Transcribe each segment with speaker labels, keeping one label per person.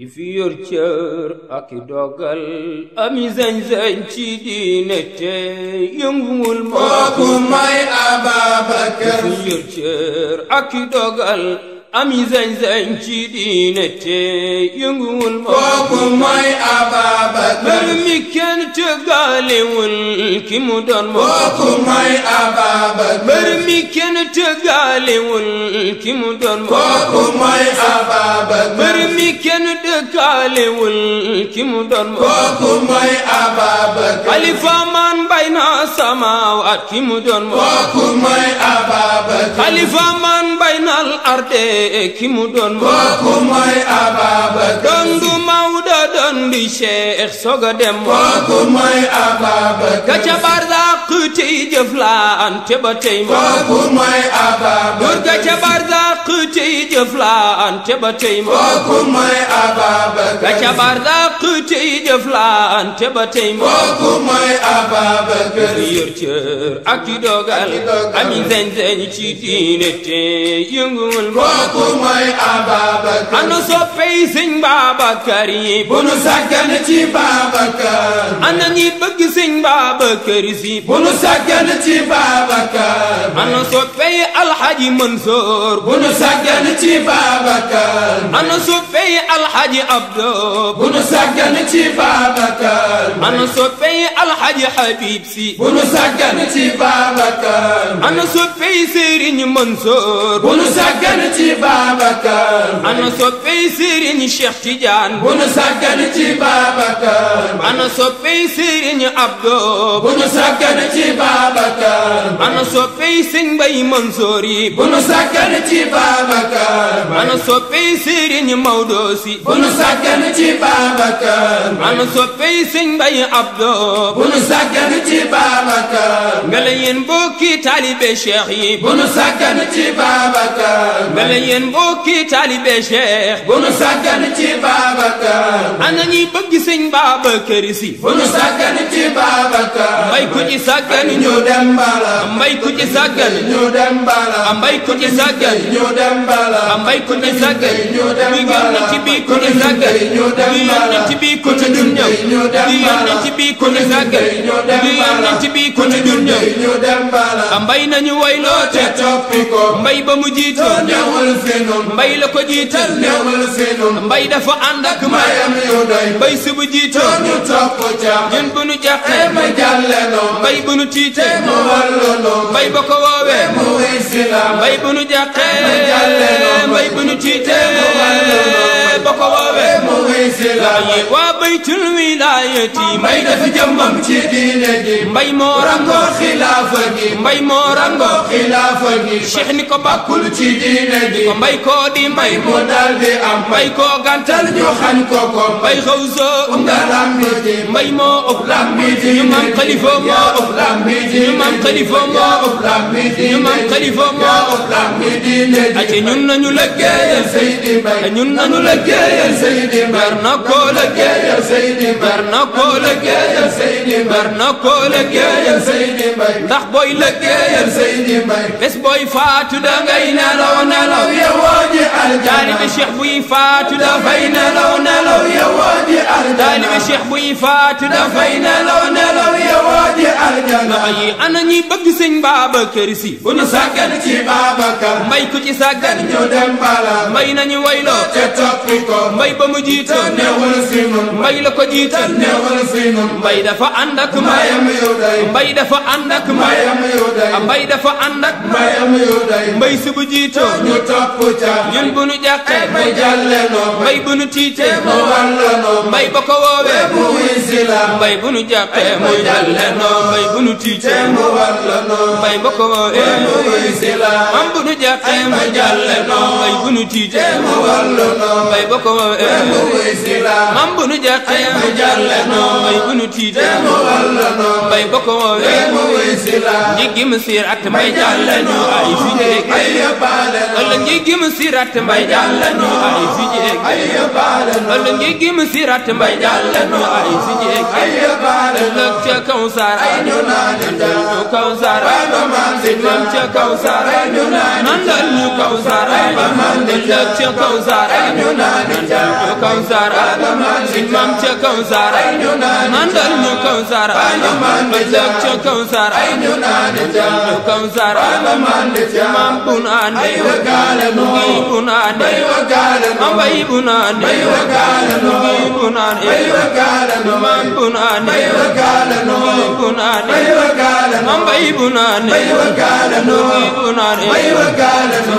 Speaker 1: ki fi yor cër ak i dogal ami sañ-sañ ci diine te yënguwul moo ku may Ababakar ki fi yor cër ak i dogal am zañ zañ ci diine te yënguwul ma. kooku mooy Ababacar. mbër mi kenn tëggaaliwul ki mu doon moom. kooku mooy Ababacar. mbër mi kenn tëggaaliwul ki mu doon moom. kooku mooy Ababacar. mbër mi kenn dëkkaaliwul ki mu doon moom. kooku mooy Ababacar. Khalifa man bay na samaawaat ki mu doon moom. kooku mooy Ababacar. Khalifa man bay na al arde. ki mu doon kooku mooy Ababacar doon du Maodo doon du Cheikh soog a dem kooku mooy Ababacar ka ca Barzaq jëf laante ba tey ma kooku mooy Ababacar dur ga ca barzaq tey jëf laante ba tey ma kooku mooy Ababacar ga ca barzaq tey jëf laante ba tey ma kooku mooy Ababacar yor cër ak dogal ami zeñ-zeñ ci diine te yënguwul kooku mooy Ababacar ana soppey sëñ Babacar yi bu nu sàggan ci Babacar ana ñi bëgg sëñ Babacar si bu nu sàggan ci Babacar ana soppey alxaji Mansour bu nu sàggan ci Babacar ana soppey alxaji Abdo bu nu sàggan ci Babacar ana soppey alxaji Habib Si bu nu sàggan ci Babacar ana soppey Serigne Mansour bu nu sàggan ci Babacar ana soppey Serigne Cheikh Tidiane bu nu sàggan ci Babacar ana soppey Serigne Abdo bu nu sàggan ci Babacar Bunu Mbaye ana soppey sëñ Mbay Mansoor yi bu nu sàkkan ci Babacar Mbaye ana soppey Sëriñ Mawdo Si bu nu sàkkan ci Babacar Mbaye ana soppey sëñ Mbay Abdo bu nu sàkkan ci Babacar nga la yéen bokki taalibe Cheikh yi bu nu sàkkan ci Babacar nga la yéen bokki taalibe Cheikh bu nu sàkkan ci Babacar ana ñi bëgg sëñ Babacar Si bu nu sàkkan ci Babacar Mbaye ku dem bala mbay ku ci sàggan ñu dem bala mbay ku ci sàggan ñu dem bala mbay ku ci sàggan ñu dem bala ci bi ku ci sàggan ñu dem bala ci bi ku ci dun ñëw ñu dem bala ci bi ku ci sàggan ñu dem bala ci bi ku ci dun ñëw ñu dem bala mbay nañu wayloo te toppi ko mbay ba mu jiito newul fenum mbay la ko jiital newul fenum mbay dafa ànd ak mayam yu doy mbay su bu jiito ñu topp ca ñun bu nu jàqee ma jàlle noonu mbay bu nu tiitee mu warloo mbay ba ko woowee mu wuy si la mbay bu nu jàqee mbay bu nu mbay si lal waa baytul wilaayati mbay dafa jëmmam ci diine gi mbay moo rangoo xilaafa ko bàkkul ci diine gi ko di mbay ñu xañ ko ko mbay xaw soo um nga ñu maam xalifa moo ëpp làmbi ñu maam ñu maam xalifa moo ëpp làmbi برنا كولك يا زيني برنا كولك يا زيني برنا كولك يا زيني باي ndax boy lëg ya zeyni bay bés boy faatu da ngay nelaw nelaw ya wooji aljaani bi cheikh buy faatu da fay nelaw nelaw ya wooji aljaani bi cheikh buy faatu da fay nelaw nelaw ya wooji aljaani ay ana ñi bëgg sëñ baaba kër si bu nu sàggan ci baabakar mbay ku ci sàggan ñu dem bala mbay nañu wayloo te toppi ko mbay ba mu jiitoo neewul si nun mbay la ko jiital neewul si nun mbay dafa ànd ak maayam yow day mbay dafa ànd ak maayam yow day mbay dafa ànd ak maayam yow day mbay si bu jiitoo ñu topp ca ñun bu nu jàkkee mu jàlle noo mbay bu nu tiitee mu wàlla noo mbay ba ko woowee mu wisi la mbay bu nu jàkkee mu jàlle noo mbay bu nu tiitee mu wàlla noo mbay ba ko woowee mu wisi la am bu nu jàkkee mu jàlle noo mbay bu nu tiitee mu wàlla noo mbay ba ko woowee sëriñ si la mam bu nu jàqee mu jàlle noo bay bu nu tiite mu walla noo bay ba ko woowee mu wuy si la njiggi mu siiraat mbay jàlle noo ay fi ay si lam ay ñu naan nandal ñu kaw ñu naan nandal ñu kaw Sara suñ maam ca kaw Sara mandal Sara ëllëg ca kaw Sara mandal ñu Sara maam bu naane ngi bu naane maam bay bu naane ngi bu naane maam bu naane ngi bu naane maam bay bu naane ngi bu naane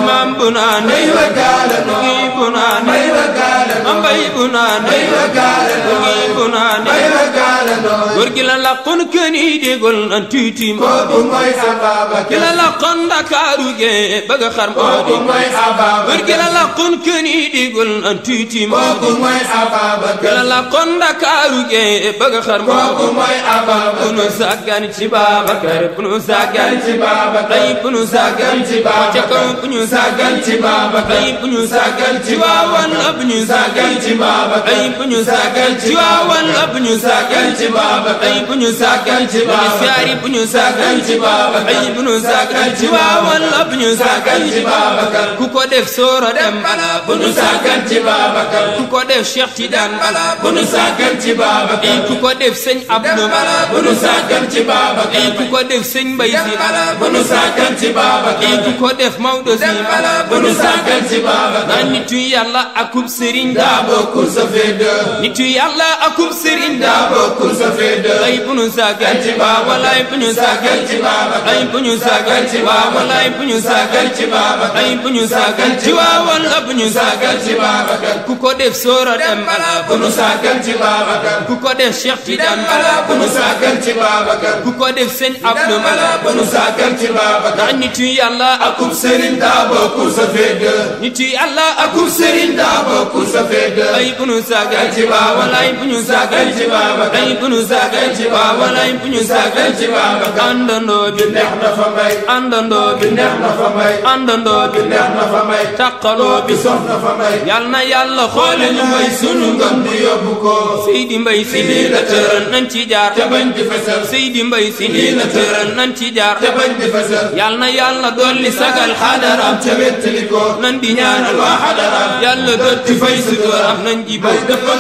Speaker 1: maam bu naane ngi bu naane mbay bu naan mbay ba gaalano mbay bu naan mbay ba gaalano góor gi la laqoon kenn yi dégol nan tuuti ma kooku mooy ababa ki la laqoon Ndakaaru ge bëgg xar moo di kooku mooy ababa góor gi la laqoon kenn yi dégol nan tuuti ma kooku mooy ababa ki la laqoon Ndakaaru ge bëgg xar moo kooku mooy ababa bu nu sàggan ci Babacar bu nu sàggan ci Babacar bu nu sàggan ci Babacar bu nu sàggan ci Babacar bu nu sàggan ci Babacar bu nu sàggan ci Babacar sàggan ci Babacar ay bu ñu sàggan ci waawan bu ñu sàggan ci Babacar ay bu ñu sàggan ci Babacar ay bu ñu sàggan ci Babacar ay bu ñu sàggan ci waawan bu ñu sàggan ci Babacar ku ko def sooro dem bala bu ñu sàggan ci Babacar ku ko def Cheikh Tidiane bala bu ñu sàggan ci Babacar ay ku ko def sëñ Abdou bala bu ñu sàggan ci Babacar ay ku ko def sëñ Mbaye si bala bu ñu sàggan ci Babacar ay ku ko def Maodo si bala bu ñu sàggan ci Babacar ay nitu yàlla akub sëriñ daa bokkul sa fedda nitu yàlla akum sëriñ daa bokkul sa fedda ay bu ñu saagal ci baaba ay bu ñu saagal ci baaba ay bu ñu saagal ci baaba ay bu ñu saagal ci baaba ay bu ñu saagal ci baaba la bu ñu saagal ci baaba ku ko def soora dem ala bu ñu saagal ci baaba ku ko def Cheikh Tidiane ala bu ñu saagal ci baaba ku ko def sëñ Abdou ala bu ñu saagal ci baaba ndax nitu yàlla akum sëriñ daa bokkul sa fedda nitu yàlla akum sëriñ daa bokkul sa fedd ay bu ñu saagal ci baaba lay bu ñu saagal ci baaba ay bu ñu saagal ci baaba lay bu ñu saagal ci baaba àndandoo bi neex na fa mbay àndandoo bi neex na fa mbay àndandoo bi neex na fa mbay taqaloo bi sox na fa mbay yal na yàlla xoole ñu mbay sunu ngëm di yóbbu ko Seydi Mbay si lii la tëral nañ ci jaar te bañ di fesal Seydi Mbay si lii la tëral nañ ci jaar te bañ di fesal yal na yàlla dolli sagal xadaraam ca wettali ko nañ di ñaanal waa xadaraam yàlla dotti fay sutura am nañ ji boy loxo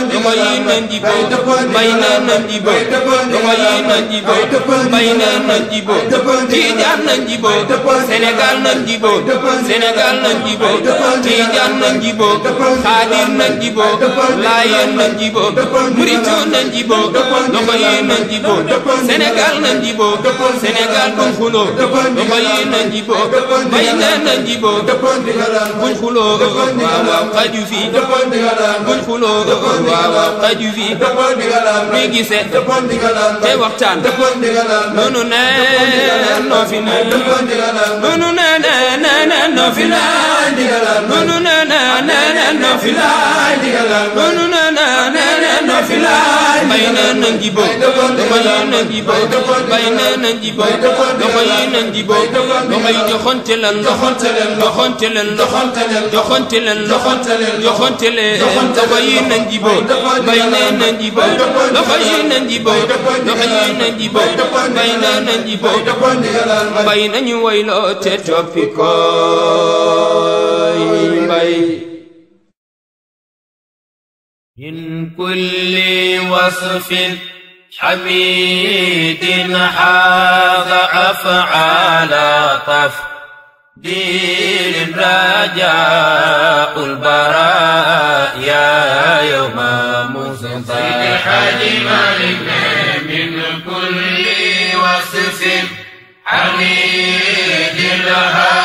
Speaker 1: yi nañ ji boy mbay nee nañ ji boy loxo yi nañ ji boy mbay nee nañ ji boy Tijaan nañ ji boy Sénégal nañ ji boy Sénégal nañ ji boy Tijaan nañ ji boy Xaadir nañ ji boy Laayeen nañ ji boy Murit nañ ji boy loxo yi nañ ji boy Sénégal nañ ji boy Sénégal buñ xuloo loxo yi nañ ji boy mbay nee nañ ji boy buñ xuloo waaw waaw xaju fii buñ xuloo waaw xaju fi mi gise te waxtaan nunu ne noo fi ne nunu ne ne ne ne noo fi ne nunu ne ne ne ne noo fi ne nunu ne ne filaay bay na nan di bo damay nan di bo bay na nan di bo damay nan di bo damay joxonte len joxonte len joxonte len joxonte len joxonte len joxonte len joxonte len damay nan di bo bay na nan di bo damay nan di bo damay nan di bo bay na nan di bo bay nañu wayloo te toppi koy bay من كل وصف حميد حاض أفعال طف دين رجاء البراء يا يوم مصطفى حليم من كل وصف حميد حاض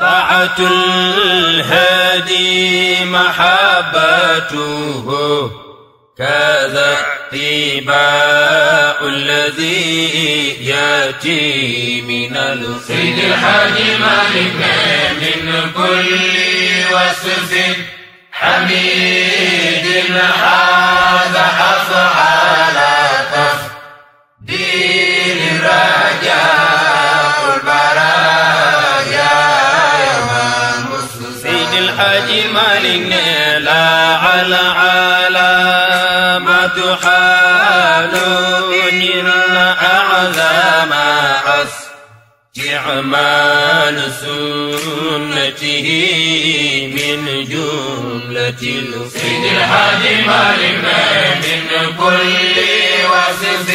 Speaker 1: طاعة الهادي محبته كذا الطباء الذي يأتي من الخير الحاج مالك
Speaker 2: من كل وصف حميد هذا أفعال
Speaker 1: مالين لا على ما تحالون إن أعظم استعمال سنته من جملة سيد الهادي مالين من كل وصف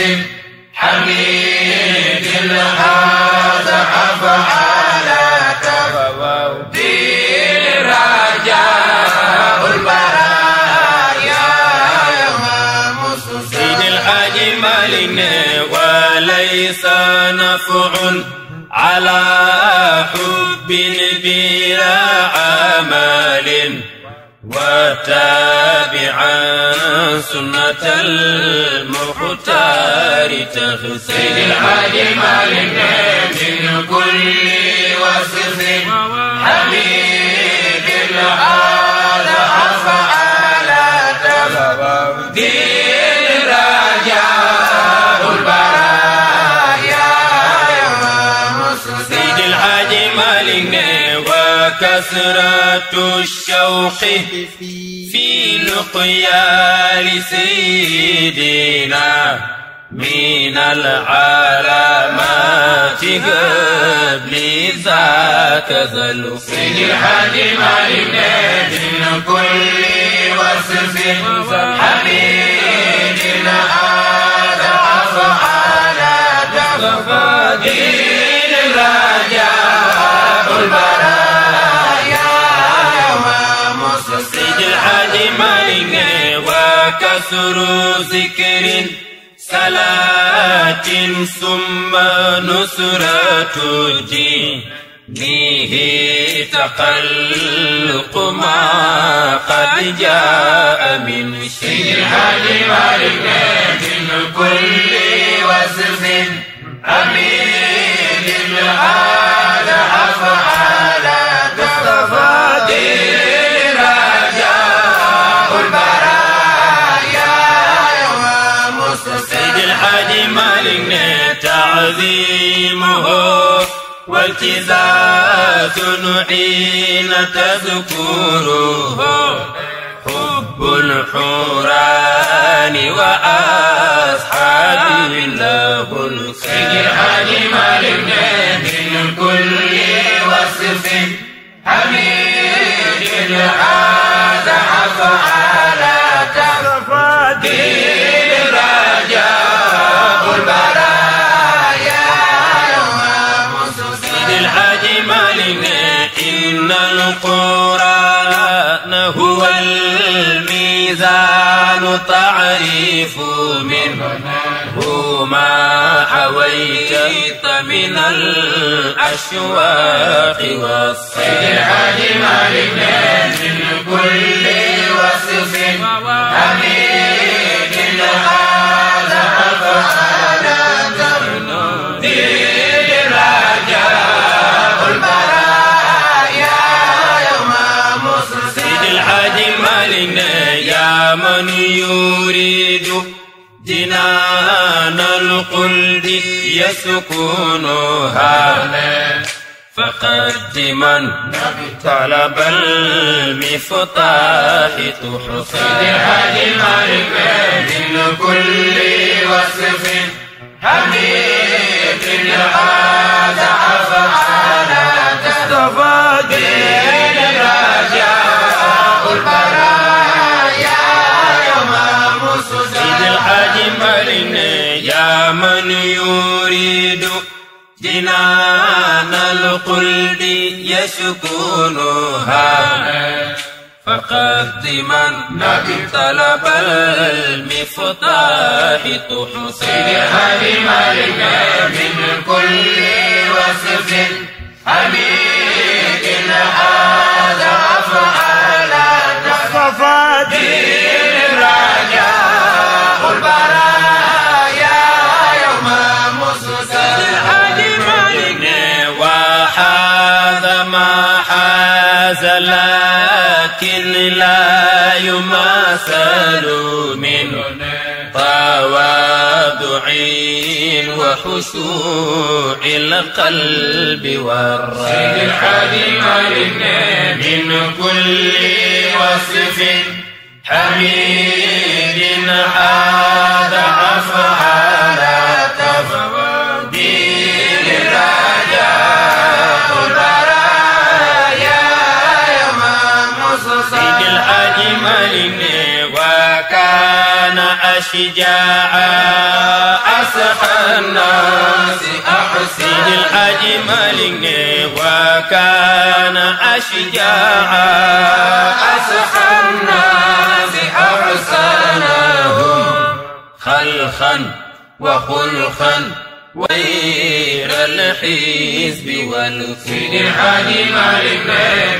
Speaker 1: حميد هذا أفعال مال وليس نفع على حب بلا عمل وتابعا سنة المختار تخسر العالم من كل كثرة الشوق في لقيا لسيدنا من العلامات قبل ذاك ذل سيد الحليم علمنا من كل وصف
Speaker 2: حبيبنا هذا على تفقدين
Speaker 1: كسر ذكر صلاة ثم نصرة دين به تقلق ما قد جاء من شيء الهادي والبيت من كل وزف أمين العالم علينا تعظيمه والتذات حين تذكره حب الحوران وأصحاب له الخير علم لنا من كل وصف حميد هذا
Speaker 2: عفا
Speaker 1: تعريف منه ما حويت من الأشواق والصيحة لمالك سكونها فقدما طلب المفتاح تحصدها المعرفة من كل وصف حميد لهذا أفعال تستفاد من يريد جنان القلب يسكنها فقد من طلب المفتاح تحصيها لمالك
Speaker 2: من كل وصف حميد هذا فعلا تصفى
Speaker 1: يماثل من تواضع وخشوع القلب والرحم من كل وصف حميد حال شجاعا أسحى الناس أحسن الأجمل وكان أشجاعا أسحى الناس أحسنهم خلقا وخلقا وير الحزب والفن الأجمل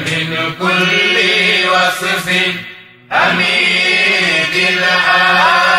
Speaker 1: من كل وصف أمين العالم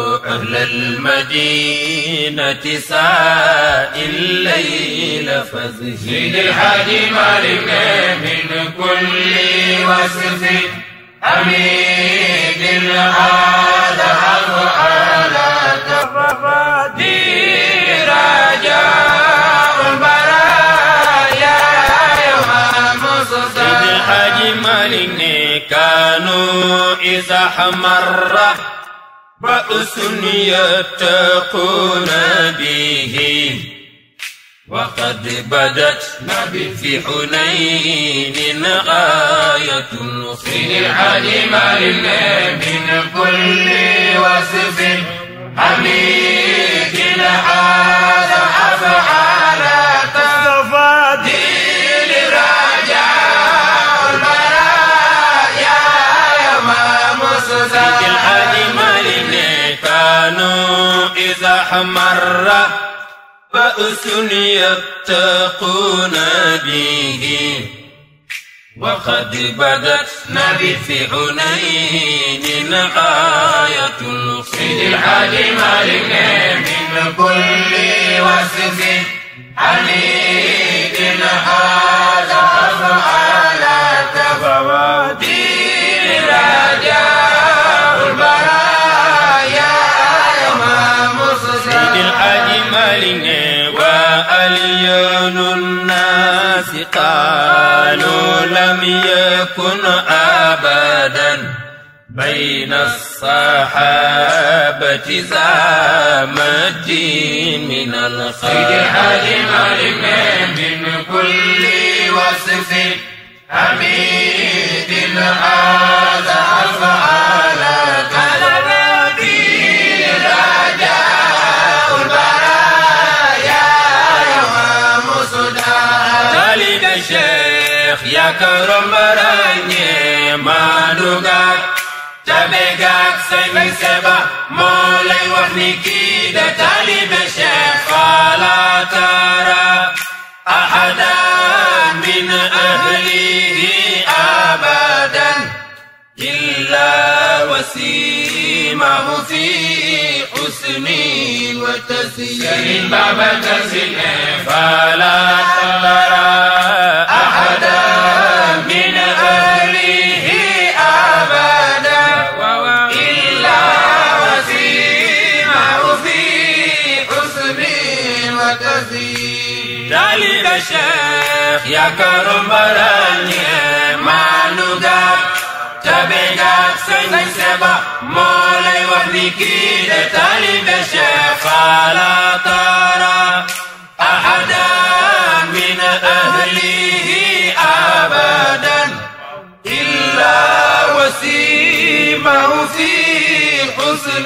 Speaker 1: أهل المدينة ساء الليل فزهد الحادي مالك من كل وصف حميد
Speaker 2: هذا على كفرادي
Speaker 1: رجاء البرايا يوم سيد الحاج مالك كانوا إذا حمر بأس يتقون به وقد بدت نبي في حنين غاية في علم
Speaker 2: من كل وصف حميد هذا أفعال
Speaker 1: مرة بأس يتقون به وقد بدت نبي في حنين غاية الخير العليم من كل وسف عليم هذا أفعال عليون الناس قالوا لم يكن أبدا بين الصحابة زامتي من الخير علم من كل وصف حميد هذا أفعال karomaranye manuga tabegak sangi seba molay warniki da talib sheikh ala tara ahada min ahlihi abadan illa wasimahu fi husni wa tasyir baba tasyir fala tara يا كرم براني مالوغا تبيغا سنجي سبا مولاي وذكري لطالب الشيخ لا ترى أحدا من أهله أبدا إلا وسيمه في حسن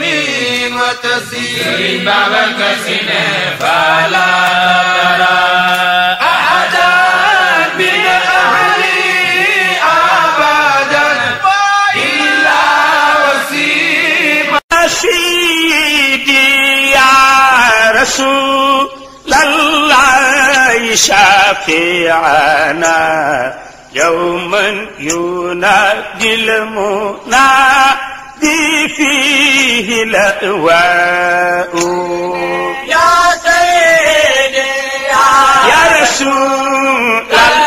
Speaker 1: وتسير باب سنة فلا ترى
Speaker 3: شافعنا يوما ينادي المنادي فيه لأواء
Speaker 2: يا سيدي يا, يا
Speaker 3: رسول الله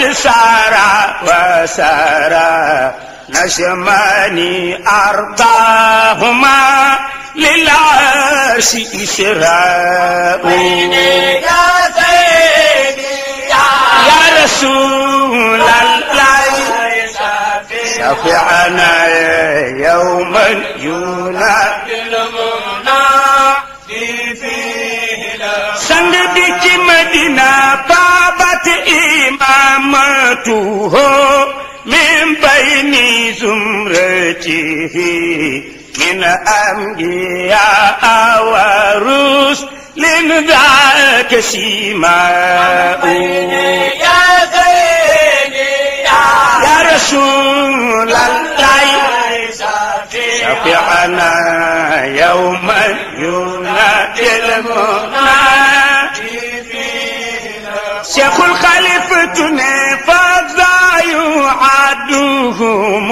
Speaker 3: قد سارا وسارا نشماني أرضاهما للعرش إسراء يا
Speaker 2: سيدي يا
Speaker 3: رسول الله شفعنا يوما يونا سندك مدينة بابا إمامته من بين زمرته من أنبياء ورسل ذاك سيماء
Speaker 2: يا زيني يا
Speaker 3: رسول الله
Speaker 1: شفعنا
Speaker 3: يوما ينادي المنادي شيخ دني فزايو عدوهم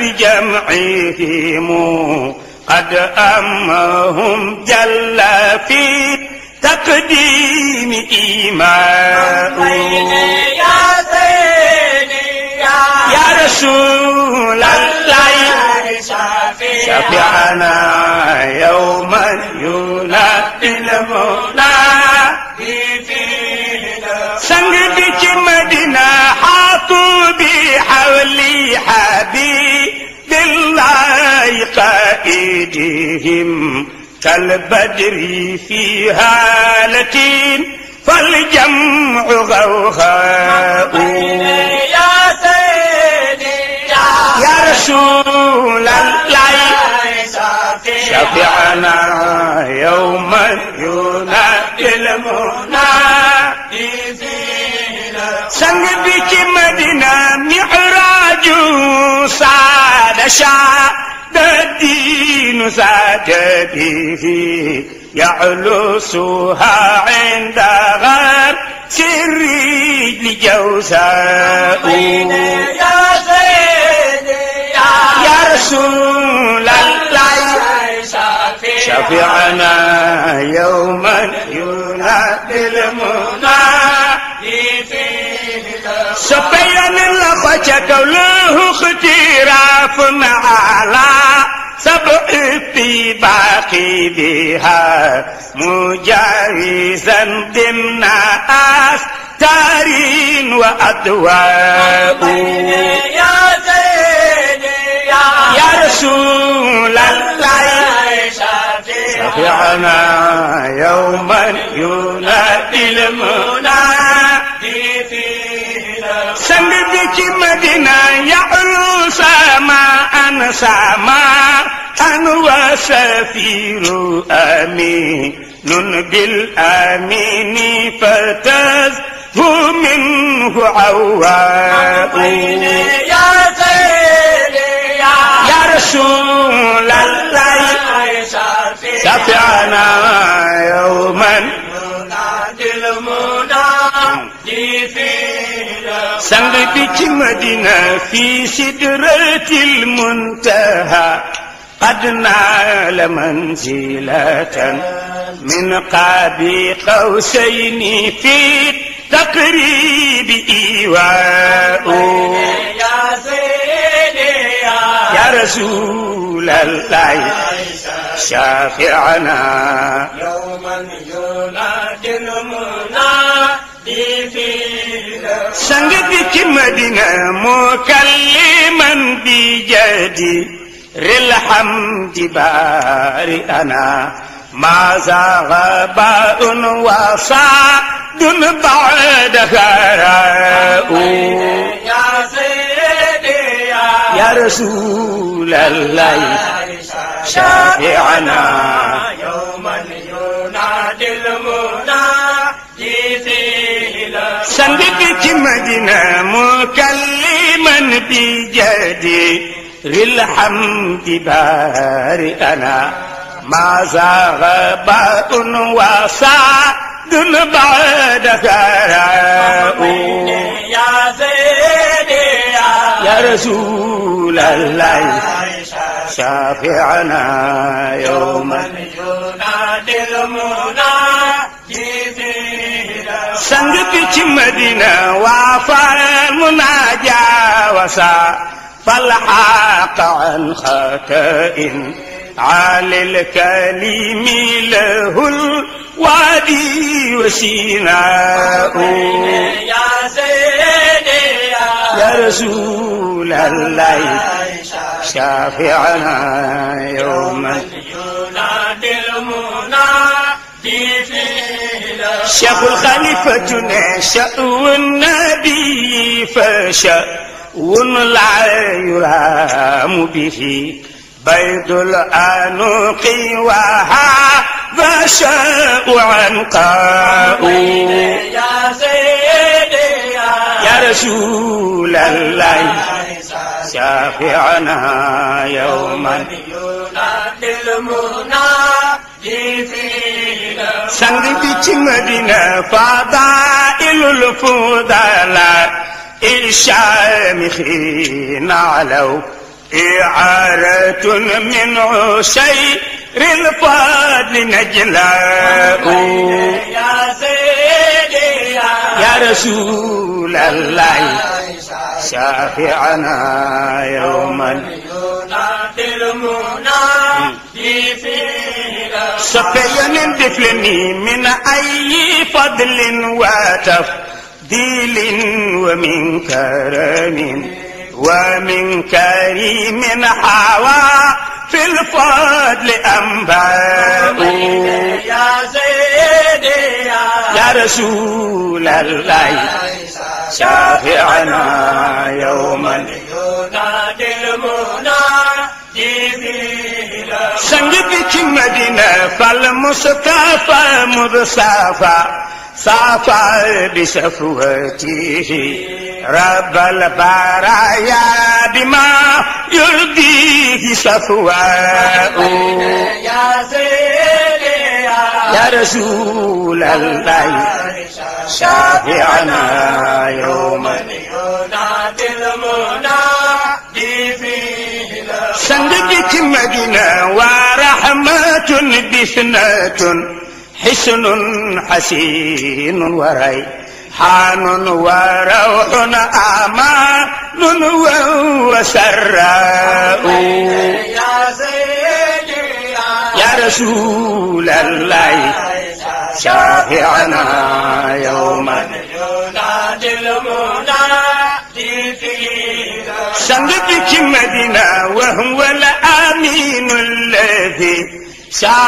Speaker 3: بجمعهم قد أمهم جل في تقديم إيمان يا
Speaker 2: سيدي
Speaker 3: يا رسول الله شفعنا يوما يولد المولى بك مدينة حاطوا بي حولي حبيب الله قائدهم كالبدر في هالتين فالجمع غوغاء
Speaker 2: يا سيدي
Speaker 3: يا رسول الله شفعنا يوما ينادي المنادي بك مدنا معراج صار شاد الدين زاد به يعلسها عند غر سر لجوزاء يا
Speaker 2: سيدي يا
Speaker 3: رسول الله شفيعنا يوما ينادي المنى وشكوا له اختراف معالا سبع باقي بها مجاوزا ضمن تارين وأدواء يا رسول
Speaker 2: الله
Speaker 3: شفيعنا يوما ينادي
Speaker 2: المنادي
Speaker 3: مدينة يا Medina ما أنا अनसामा أنا سفير أمين بالأمين فتزه منه عواء يا
Speaker 2: سيدي يا
Speaker 3: رسول الله شفعنا يوما
Speaker 2: ننادي المنادي في
Speaker 3: sang مدينة في سدرة المنتهى قد نال منزلة من قاب قوسين في تقريب إيواء يا رسول الله شافعنا يوما
Speaker 2: ينادي المنادي في سنجدك مدينة
Speaker 3: مكلما بجدي ريل حمد أنا ما زال باء وصاد بعد خراؤ يا سيدي يا رسول الله شافعنا يوما ينادي الموت سندك مدينة مكلما بجدي للحمد باري أنا ما زاغ باء وصاد بعد غراء
Speaker 2: يا زيدي يا
Speaker 3: رسول الله شافعنا يوم
Speaker 2: ينادي المنادي
Speaker 3: څنګه ته مدینہ وافا المناجا وسا فالحاق عن خطأ على الكليم له الوادي وسيناء
Speaker 2: يا زيد يا
Speaker 3: رسول الله شافعنا يوم القيامة شيخ الخليفة نشأ والنبي فشأ ون يلام به بيض الأنوق وها شاء عنقاء
Speaker 2: يا سيدي
Speaker 3: يا رسول الله شافعنا يوما
Speaker 2: ينادي المنى في
Speaker 3: sang bi ci madina fadailul fudala الشامخين علوا إعارة من عشير الفضل نجلاء
Speaker 2: يا سيدي يا
Speaker 3: رسول الله شافعنا يوما
Speaker 2: ينادي المنادي فيه
Speaker 3: من دفلني من أي فضل وتفضيل ومن كرم ومن كريم حوا في الفضل أنباء
Speaker 2: يا زيد يا
Speaker 3: رسول الله شافعنا يوما
Speaker 2: ينادي المنادي
Speaker 3: संग बिच मदीन फल मुस्तफा मुस्तफा साफा بشفوته رب البرايا بما يرضيه صفواء يا رسول الله
Speaker 2: شافعنا
Speaker 3: يوم القيامة سندجت مدينة ورحمة بثنة حسن حسين وري حان وروح أمان وسراء يا رسول الله شافعنا يوما
Speaker 2: ينادي المنادي في
Speaker 3: سندك مدينة وهو الأمين
Speaker 2: الذي شاء